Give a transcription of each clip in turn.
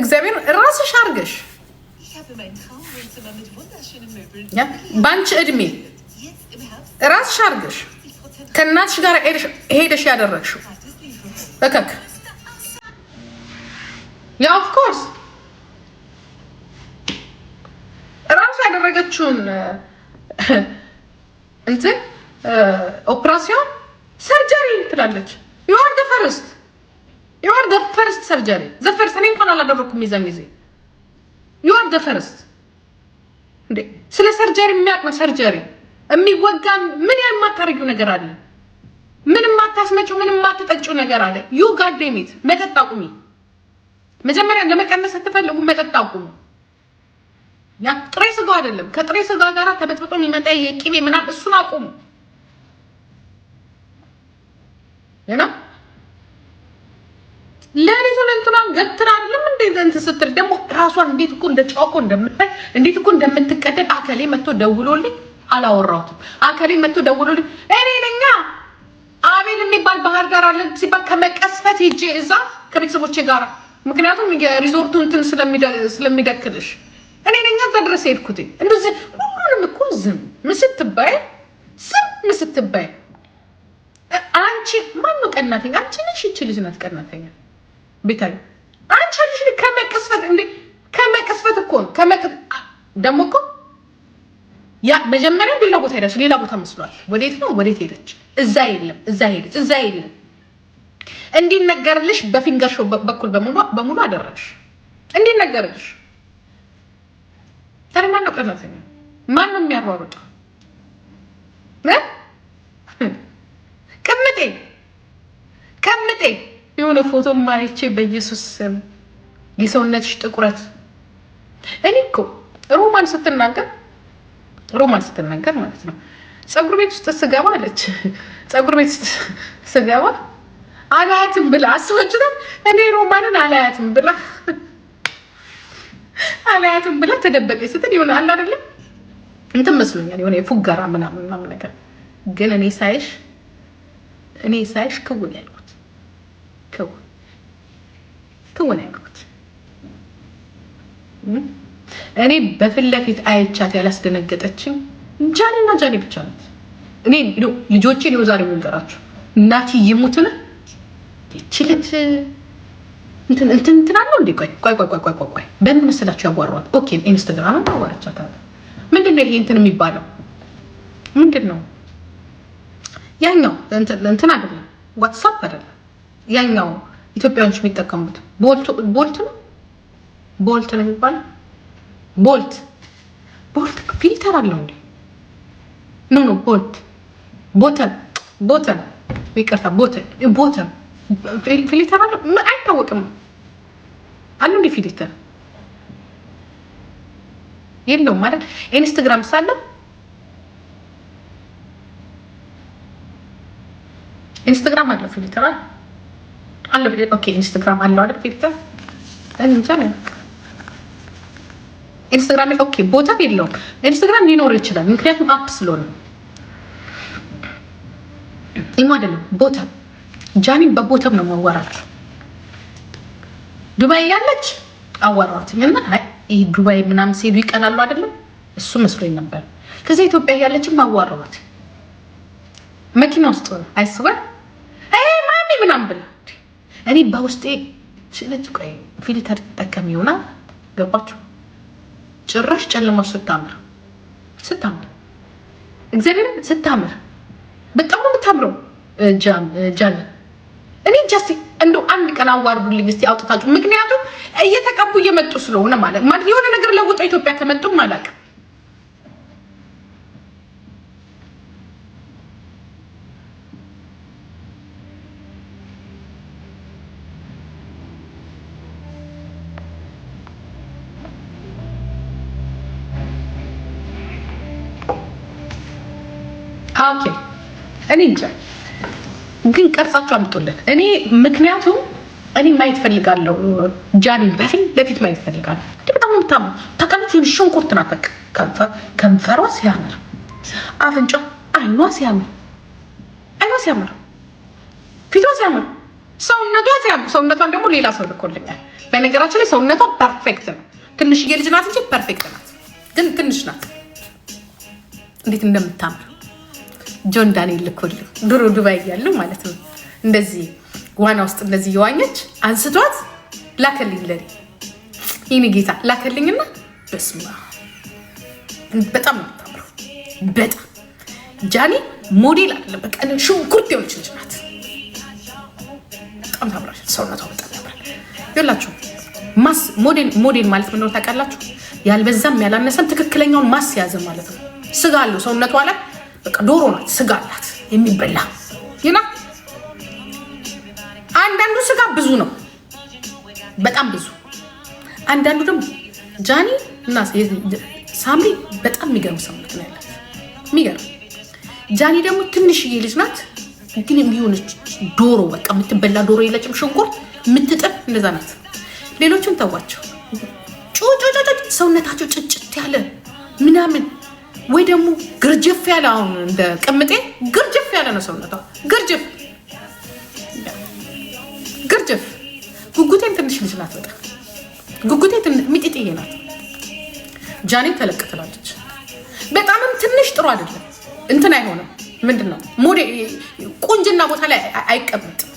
እግዚአብሔር ራስሽ አርገሽ በአንቺ እድሜ ራስሽ አርገሽ ከእናትሽ ጋር ሄደሽ ያደረግሽው እከክ ያ ኦፍኮርስ ራሱ ያደረገችውን እንትን ኦፕራሲዮን ሰርጀሪ ትላለች። ዩ አር ፈርስት ዩ አር ዘ ፈርስት ሰርጀሪ ዘ ፈርስት። እኔ እንኳን አላደረኩም የዛን ጊዜ። ዩ አር ዘ ፈርስት። እንዴ ስለ ሰርጀሪ የሚያውቅ ሰርጀሪ የሚወጋ ምን የማታደርጊው ነገር አለ? ምን የማታስመጪው ምን የማትጠጪው ነገር አለ? ዩ ጋዴሚት መጠጥ አቁሚ። መጀመሪያ ለመቀነስ ስትፈልጉ መጠጥ አቁሙ። ያ ጥሬ ስጋ አይደለም፣ ከጥሬ ስጋ ጋር ተበጥብጦ የሚመጣ የቂቤ ምናምን እሱን አቁሙ። ትራልም እንዴት ስትል ደግሞ ራሷን እንዴት እኮ እንደ ጫቆ እንደምታይ እንዴት እኮ እንደምትቀደድ አከሌ መጥቶ ደውሎልኝ አላወራሁትም። አከሌ መጥቶ ደውሎልኝ እኔ ነኛ አቤል የሚባል ባህር ዳር አለ ሲባል ከመቀስፈት ሄጄ እዛ ከቤተሰቦቼ ጋር ምክንያቱም የሪዞርቱ እንትን ስለሚደክልሽ እኔ ነኛ እዛ ድረስ ሄድኩት። እንደዚህ ሁሉንም እኮ ዝም ምስትባይ ዝም ምስትባይ አንቺ ማነው ቀናተኛ? አንቺ ነሽ። ይችልሽ ልጅ ናት ቀናተኛ ቤታዬ አንቺ ልጅ ከመቀስፈት እንዴ ከመቀስፈት እኮ ከመቀ ደግሞ እኮ ያ መጀመሪያ ሌላ ቦታ ሄዳች፣ ሌላ ቦታ መስሏል። ወዴት ነው ወዴት ሄደች? እዛ የለም፣ እዛ ሄደች፣ እዛ የለም። እንዲነገርልሽ በፊንገር ሾው በኩል በሙሉ በሙሉ አደረግሽ። እንዲነገርልሽ ታዲያ ማነው ቀናተኛ? ማን ነው የሚያሯሩጠው? የሆነ ፎቶ ማይቼ በኢየሱስ ስም የሰውነትሽ ጥቁረት እኔ እኮ ሮማን ስትናገር ሮማን ስትናገር ማለት ነው ፀጉር ቤት ውስጥ ስገባ አለች። ፀጉር ቤት ውስጥ ስገባ አላያትም ብላ አስባችሁታል። እኔ ሮማንን አላያትም ብላ አላያትም ብላ ተደበቀች ስትል የሆነ አለ አይደለም እንትን መስሎኛል፣ የሆነ የፉጋራ ምናምን ምናምን ነገር ግን እኔ ሳይሽ እኔ ሳይሽ ክውን ያለ ተወናቀኩት። እኔ በፊት ለፊት አይቻት ያላስደነገጠችኝ ጃኔና ጃኔ ብቻ ናት። እኔ ልጆቼ ነው ዛሬ የምንጠራቸው እናቲ ይሙትን ችልት እንትን እንትን አለው እንዴ? ቆይ ቆይ ቆይ ቆይ ቆይ በምን መሰላችሁ ያዋሯት? ኦኬ ኢንስታግራም አዋራቻታለ። ምንድን ነው ይሄ እንትን የሚባለው ምንድን ነው? ያኛው እንትን እንትን አይደለም ዋትስአፕ አይደለም ያኛው ኢትዮጵያኖች የሚጠቀሙት ቦልት ነው። ቦልት ነው የሚባል ቦልት ቦልት ፊልተር አለው እንዴ? ኖ ኖ ቦልት ቦተን ቦተን ይቅርታ፣ ቦተን ቦተን ፊልተር አለ ምን አይታወቅም። አሉ እንዴ ፊልተር የለውም ማለት ኢንስታግራም ሳለ ኢንስታግራም አለ ፊልተር አለ አለ ኦኬ፣ ኢንስታግራም አለው አይደል? ኢንስታግራም ኦኬ፣ ቦታ የለውም። ኢንስታግራም ሊኖር ይችላል፣ ምክንያቱም አፕ ስለሆነ ኢሞ አይደለም። ቦታ ጃኒን በቦታም ነው ማዋራት። ዱባይ ያለች አዋራት እና ዱባይ ምናምን ሲሄዱ ይቀናሉ አይደለም? እሱ መስሎኝ ነበር። ከዚ ኢትዮጵያ ያለችም አዋራት መኪና ውስጥ ሆነ አይስበር ማሚ ምናምን ብላ እኔ በውስጤ ስለት ቆይ ፊልተር ተጠቀሚ ይሆናል። ገባችሁ። ጭራሽ ጨለማው ስታምር ስታምር እግዚአብሔር ስታምር በጣም ነው የምታምረው። ጃን እኔ ጃስቲ እንደው አንድ ቀን አዋርዱልኝ እስቲ አውጥታችሁ። ምክንያቱም እየተቀቡ እየመጡ ስለሆነ ማለት የሆነ ነገር ለውጦ ኢትዮጵያ ከመጡም አላውቅም እኔ እንጃ ግን ቀርጻችሁ አምጡልን። እኔ ምክንያቱም እኔ ማየት ፈልጋለሁ። ጃኒን በፊት ለፊት ማየት ፈልጋለሁ። በጣም ምታም ተቀምት ሆን ሽንኩርት ናት። ከንፈሯ ሲያምር፣ አፍንጫ፣ አይኗ ሲያምር፣ አይኗ ሲያምር፣ ፊቷ ሲያምር፣ ሰውነቷ ሲያምር። ሰውነቷን ደግሞ ሌላ ሰው ልኮልኛል። በነገራችን ላይ ሰውነቷ ፐርፌክት ነው። ትንሽዬ ልጅ ናት እንጂ ፐርፌክት ናት። ግን ትንሽ ናት። እንዴት እንደምታምር ጆን ዳንኤል ልኮል ድሮ ዱባይ እያለሁ ማለት ነው። እንደዚህ ዋና ውስጥ እንደዚህ እየዋኘች አንስቷት ላከልኝ ለኔ ይህን ጌታ ላከልኝና በስመ በጣም ምታምሩ በጣም ጃኒ ሞዴል አይደለም፣ በቃ ሽንኩርት የሆነች ልጅ ናት። በጣም ታምራል፣ ሰውነቷ በጣም ያምራል። ይላችሁ ማስ ሞዴል ሞዴል ማለት ምን ነው ታውቃላችሁ? ያልበዛም ያላነሰም ትክክለኛውን ማስ ያዘ ማለት ነው። ስጋ አለው ሰውነቷ ላይ በቃ ዶሮ ናት፣ ስጋ አላት የሚበላ ይና አንዳንዱ ስጋ ብዙ ነው፣ በጣም ብዙ። አንዳንዱ ደግሞ ጃኒ እና ሳምሪ በጣም የሚገርም ሰውነት ነው ያላት፣ የሚገርም ጃኒ ደግሞ ትንሽዬ ልጅ ናት፣ ግን የሚሆነች ዶሮ በቃ የምትበላ ዶሮ የለጭም፣ ሽንኩርት የምትጥር እንደዛ ናት። ሌሎቹን ተዋቸው፣ ጩ ሰውነታቸው ጭጭት ያለ ምናምን ወይ ደግሞ ግርጅፍ ያለ አሁን እንደ ቅምጤ ግርጅፍ ያለ ነው ሰውነቷ። ግርጅፍ ግርጅፍ። ጉጉቴም ትንሽ ልጅ ናት በጣም ጉጉቴ ሚጢጥዬ ናት። ጃኔ ተለቅ ትላለች። በጣምም ትንሽ ጥሩ አይደለም። እንትን አይሆንም። ምንድን ነው ሞዴ ቁንጅና ቦታ ላይ አይቀመጥም።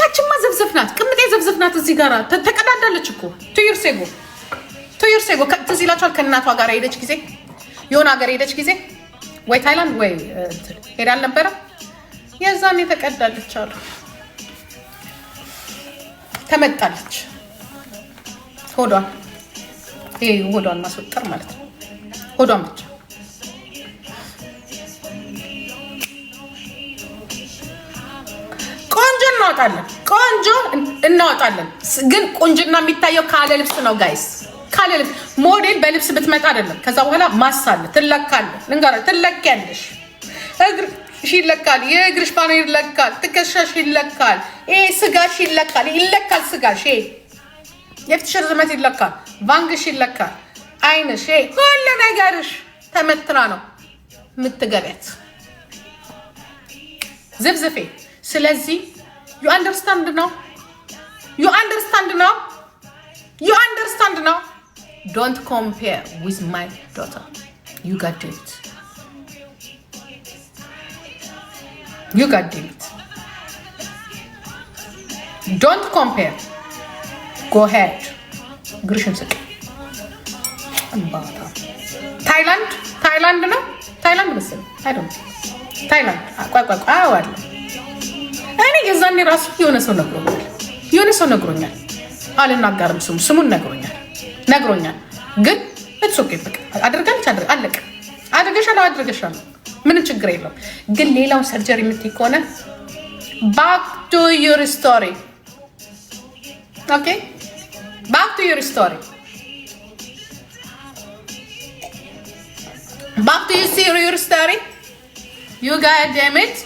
ያችማ ዘብዘፍ ናት፣ ቅምጤ ዘብዘፍ ናት። እዚህ ጋር ተቀዳዳለች እኮ ቱይርሴጎ ቱይርሴጎ ትዝ ይላችኋል። ከእናቷ ጋር ሄደች ጊዜ የሆነ ሀገር ሄደች ጊዜ ወይ ታይላንድ ወይ ሄዳ አልነበረ የዛን የተቀዳለች አሉ ተመጣለች። ሆዷን ይሄ ሆዷን ማስወጠር ማለት ነው። ሆዷን ብቻ ቆንጆ እናወጣለን፣ ቆንጆ እናወጣለን። ግን ቁንጅና የሚታየው ካለ ልብስ ነው ጋይስ፣ ካለ ልብስ ሞዴል በልብስ ብትመጣ አይደለም። ከዛ በኋላ ማሳለ ትለካለ ልንጋራ ትለኪያለሽ። እግርሽ ይለካል፣ የእግርሽ ባነ ይለካል፣ ትከሻሽ ይለካል፣ ይሄ ስጋሽ ይለካል፣ ይለካል ስጋሽ፣ ይሄ የፊትሽ ርዝመት ይለካል፣ ባንግሽ ይለካል፣ አይንሽ፣ ሁሉ ነገርሽ ተመትና ነው የምትገቢያት ዝብዝፌ። ስለዚህ ዩ አንደርስታንድ ነው፣ ዩ አንደርስታንድ ነው፣ ዩ አንደርስታንድ ነው። ዶንት ኮምፔር ዊዝ ማይ ዶተር ዩ ጋት ዱ ኢት ዩ ጋት ዱ ኢት ዶንት ኮምፔር ጎ ሄድ ታይላንድ ታይላንድ ነው ታይላንድ መሰለኝ ታይላንድ አቋቋቋዋለ እኔ የዛኔ ራሱ የሆነ ሰው ነግሮኛል የሆነ ሰው ነግሮኛል አልናገርም ስሙ ስሙን ነግሮኛል ነግሮኛል። ግን እትሶኬ በቃ አድርጋለች፣ አለቀ። አድርገሻል፣ አድርገሻል፣ ምን ችግር የለውም። ግን ሌላውን ሰርጀሪ የምትይ ከሆነ ባክ ቱ ዩር ስቶሪ፣ ኦኬ፣ ባክ ቱ ዩር ስቶሪ፣ ባክ ቱ ዩር ስቶሪ። ዩ ጋድ ዳሚት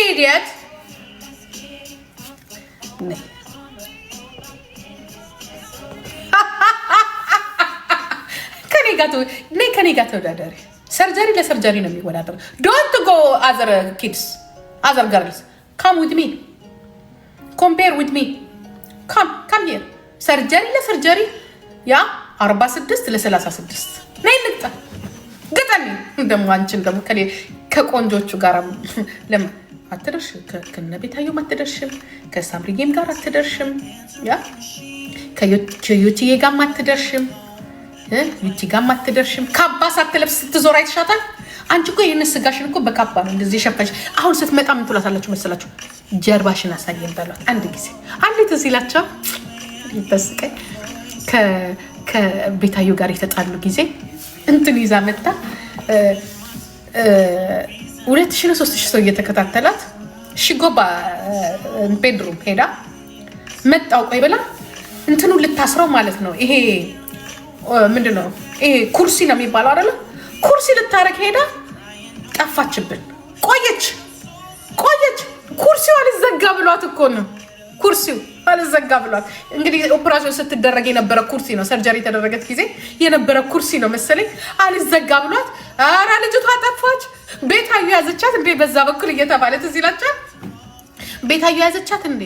ኢዲየት ከኔ ጋር ተወዳደሪ። ሰርጀሪ ለሰርጀሪ ነው የሚወዳደር። ዶንት ጎ አዘር ኪድስ አዘር ገርልስ ካም ዊት ሚ ኮምፔር ዊት ሚ ካም ሄር ሰርጀሪ ለሰርጀሪ ያ 46 ለ36 ነይ ልቅጣ ግጠሚ። ደግሞ አንቺን ደግሞ ከቆንጆቹ ጋር አትደርሽም፣ ከነ ቤታየም አትደርሽም፣ ከሳምሪጌም ጋር አትደርሽም ያ ከዩቲዬ ጋር አትደርሽም፣ ዩቲ ጋር አትደርሽም። ካባ ሳትለብስ ስትዞር አይተሻታል። አንቺ እኮ ይህን ስጋሽን እኮ በካባ ነው እንደዚህ የሸፈንሽ። አሁን ስትመጣ ምን ትላታላችሁ መሰላችሁ? ጀርባሽን አሳየን በሏት። አንድ ጊዜ አንዴት ትዝ ይላቸው ይበስቀኝ ከቤታዩ ጋር የተጣሉ ጊዜ እንትን ይዛ መጣ። ሁለት ሺ ሶስት ሺ ሰው እየተከታተላት ሽጎባ ቤድሩም ሄዳ መጣው ቆይ ብላ እንትኑ ልታስረው ማለት ነው። ይሄ ምንድን ነው? ይሄ ኩርሲ ነው የሚባለው አይደለ? ኩርሲ ልታረግ ሄዳ ጠፋችብን። ቆየች ቆየች። ኩርሲው አልዘጋ ብሏት እኮ ነው። ኩርሲው አልዘጋ ብሏት። እንግዲህ ኦፕራሽን ስትደረግ የነበረ ኩርሲ ነው። ሰርጀሪ የተደረገት ጊዜ የነበረ ኩርሲ ነው መሰለኝ። አልዘጋ ብሏት፣ ኧረ ልጅቷ ጠፋች። ቤታዩ ያዘቻት እንዴ! በዛ በኩል እየተባለ ትዝ ይላቸዋል። ቤታዩ ያዘቻት እንዴ!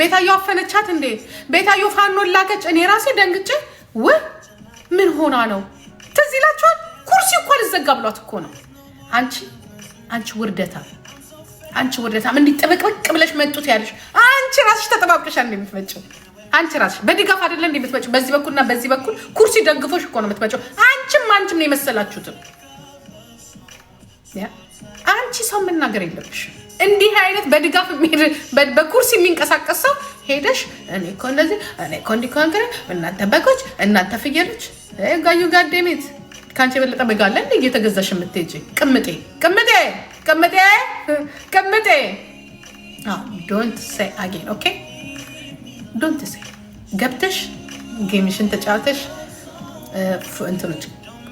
ቤታዮ አፈነቻት እንዴ? ቤታዮ ፋኖን ላከች። እኔ ራሴ ደንግጬ ው ምን ሆና ነው? ትዝ ይላችኋል። ኩርሲ እኮ ልዘጋ ብሏት እኮ ነው። አንቺ አንቺ ውርደታ አንቺ ውርደታም እንዲህ ጥብቅብቅ ብለሽ መጡት ያለሽ አንቺ ራስሽ ተጠባብቀሻል እንደምትመጪው አንቺ ራስሽ በድጋፍ አይደለ እንደምትመጪው በዚህ በኩልና በዚህ በኩል ኩርሲ ደግፎሽ እኮ ነው የምትመጪው። አንቺም አንቺም ነው የመሰላችሁትም። አንቺ ሰው መናገር የለብሽም። እንዲህ አይነት በድጋፍ የሚሄድ በኩርስ የሚንቀሳቀስ ሰው ሄደሽ እኔ እኮ እንደዚህ እኔ እኮ እንዲህ ከሆንክ እናንተ በጎች እናንተ ፍየሎች ጋዩ ጋደሜት ከአንቺ የበለጠ በጋለ አለ እየተገዛሽ የምትሄጂ ቅምጤ ቅምጤ ቅምጤ ቅምጤ ዶንት ሴ አጌን ኦኬ ዶንት ሴ ገብተሽ ጌሚሽን ተጫወተሽ እንትኖች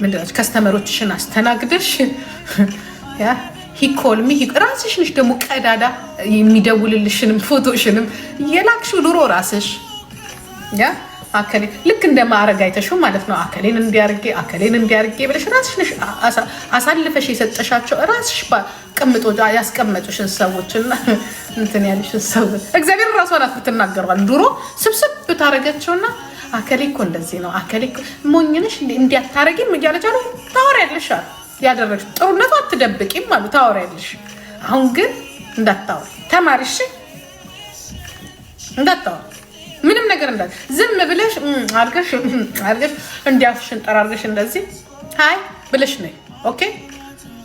ምንድን ናቸው ከስተመሮችሽን አስተናግደሽ ሂኮል ሂኮልሚ ራስሽ ነሽ ደግሞ ቀዳዳ የሚደውልልሽንም ፎቶሽንም የላክሽው ድሮ ራስሽ ያ አከሌ ልክ እንደ ማዕረግ አይተሽው ማለት ነው። አከሌን እንዲያርጌ አከሌን እንዲያርጌ ብለሽ ራስሽ ነሽ አሳልፈሽ የሰጠሻቸው ራስሽ ቅምጦ ያስቀመጡሽን ሰዎችና እንትን ያለሽን ሰዎች እግዚአብሔር ራሷ ናት ብትናገሯል። ድሮ ስብስብ ብታረገችውና አከሌ እኮ እንደዚህ ነው አከሌ ሞኝነሽ እንዲያታረጊም እያለች ታወሪያለሽ አሉ ያደረግሽ ጥሩነቱ አትደብቂም አሉ ታወሪያለሽ። አሁን ግን እንዳታወሪ ተማሪሽ እንዳታወሪ ምንም ነገር እንዳ ዝም ብለሽ አርገሽ አርገሽ እንዲያፍሽን ጠራርገሽ እንደዚህ ሀይ ብለሽ ነይ። ኦኬ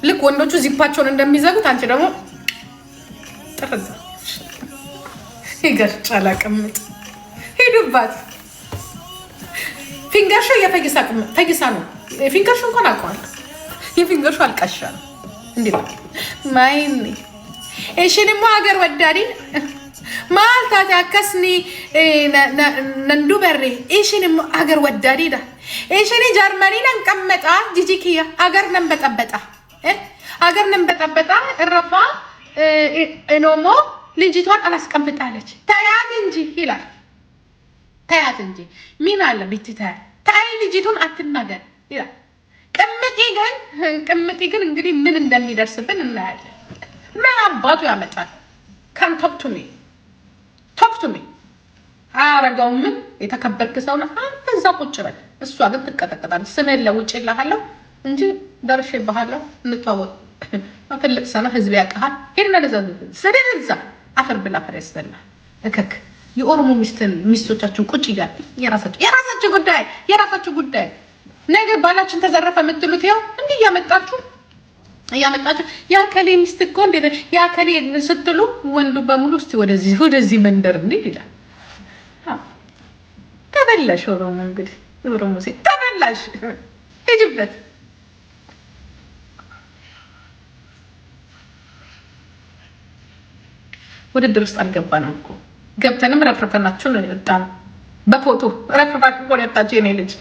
ልክ ወንዶቹ ዚፓቸውን እንደሚዘጉት አንቺ ደግሞ ጥርዛ ይገርጫ ላቅምጥ ሄዱባት ፊንገርሾ የፈይሳ ፈጊሳ ነው ፊንገርሾ እንኳን አውቀዋለሁ። የፊንገርሹ አልቃሻ ነው እንዴ ማይኒ እሺ፣ ደሞ ሀገር ወዳዲ ማልታት አከስኒ ነንዱ በሬ ደሞ ሀገር ወዳዲ ዳ እሺ፣ እሽኒ ጀርመኒ ነንቀመጣ ጅጂክያ ሀገር ነን ነንበጠበጣ ሀገር ነን በጠበጣ እረፋ እኖሞ ልጅቷን አላስቀምጣለች ተያት እንጂ ይላል። ተያት እንጂ ምን አለ ቢት ብትተያት ታይ ልጅቱን አትናገር ይላል። ቅምጤ ግን ቅምጤ ግን እንግዲህ ምን እንደሚደርስብን እናያለን። ምን አባቱ ያመጣል? ካን ቶክቱሜ ሚ አያረገው ምን የተከበርክ ሰው ነው አንተ እዛ ቁጭ በል። እሷ ግን ትቀጠቀጣለች። ስምህን ለውጭ እልሃለሁ እንጂ ደርሼ ባሃለሁ እንተዋወቅ ትልቅ ሰነ ህዝብ ያውቅሃል። ሄድና ለዛ ስድን እዛ አፈር ብላ አፈር ያስበላ እከክ የኦሮሞ ሚስትን ሚስቶቻችን ቁጭ እያል የራሳቸው የራሳቸው ጉዳይ የራሳቸው ጉዳይ ነገ ባላችን ተዘረፈ የምትሉት ያው እንዲህ እያመጣችሁ እያመጣችሁ የአከሌ ሚስት እኮ እንዴ የአከሌ ስትሉ ወንዱ በሙሉ ስ ወደዚህ ወደዚህ መንደር እንዴ ይላል። ተበላሽ ኦሮሞ፣ እንግዲህ ኦሮሞ ሴት ተበላሽ ሄጅበት ውድድር ውስጥ አልገባንም እኮ ገብተንም ረፍርፈናችሁ ነው የወጣነው። በፎቶ ረፍርፋችሁ እኮ ነው የወጣችሁ የኔ ልጅ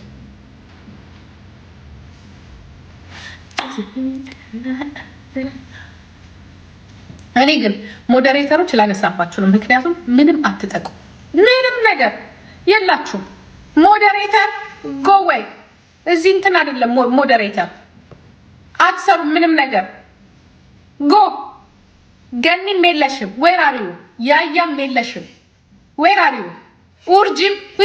እኔ ግን ሞዴሬተሮች ላነሳባችሁ ነው። ምክንያቱም ምንም አትጠቁ፣ ምንም ነገር የላችሁም። ሞዴሬተር ጎወይ እዚህ እንትን አይደለም። ሞዴሬተር አትሰሩ፣ ምንም ነገር ጎ ገኒም የለሽም፣ ወራሪው ያያም የለሽም፣ ወራሪው ኡርጅም